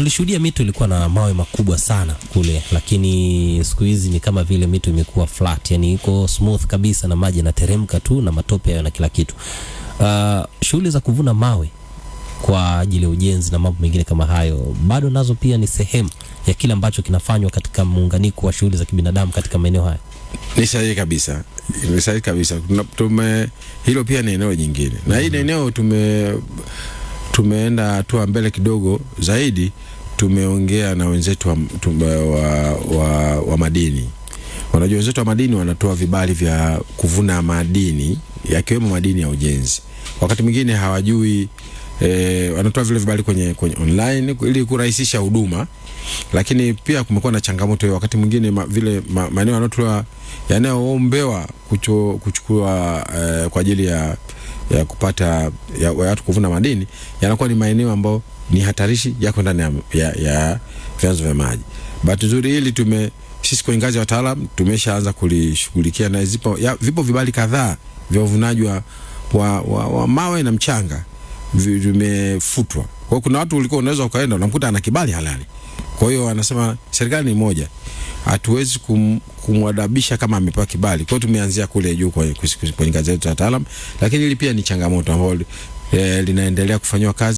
tulishuhudia mito ilikuwa na mawe makubwa sana kule, lakini siku hizi ni kama vile mito imekuwa flat, yani iko smooth kabisa na maji yanateremka tu na matope hayo na kila kitu. Uh, shughuli za kuvuna mawe kwa ajili ya ujenzi na mambo mengine kama hayo bado nazo pia ni sehemu ya kile ambacho kinafanywa katika muunganiko wa shughuli za kibinadamu katika maeneo haya. Ni sahihi kabisa, ni sahihi kabisa. Tume hilo pia ni eneo jingine na mm -hmm. Hii mm-hmm. eneo tume tumeenda hatua mbele kidogo zaidi, tumeongea na wenzetu wa, tume, wa, wa, wa madini. Wanajua wenzetu wa madini wanatoa vibali vya kuvuna madini yakiwemo madini ya ujenzi. Wakati mwingine hawajui E, wanatoa vile vibali kwenye, kwenye online ili kurahisisha huduma, lakini pia kumekuwa na changamoto hiyo. Wakati mwingine ma, vile ma, maeneo yanayotoa yanayoombewa yaani kuchukua eh, kwa ajili ya ya kupata ya watu kuvuna madini yanakuwa ni maeneo ambayo ni hatarishi, yako ndani ya, ya, ya vyanzo vya maji. Bahati nzuri hili tume sisi kwa ngazi ya wataalam tumeshaanza kulishughulikia na zipo ya, vipo vibali kadhaa vya uvunaji wa, wa, wa, wa mawe na mchanga vimefutwa. Kwa kuna watu ulikuwa unaweza ukaenda unamkuta ana kibali halali, kwa hiyo anasema serikali ni moja hatuwezi kum, kumwadabisha kama amepewa kibali. Kwa hiyo tumeanzia kule juu kwenye ngazi yetu ya lakini hili pia ni changamoto ambayo eh, linaendelea kufanywa kazi.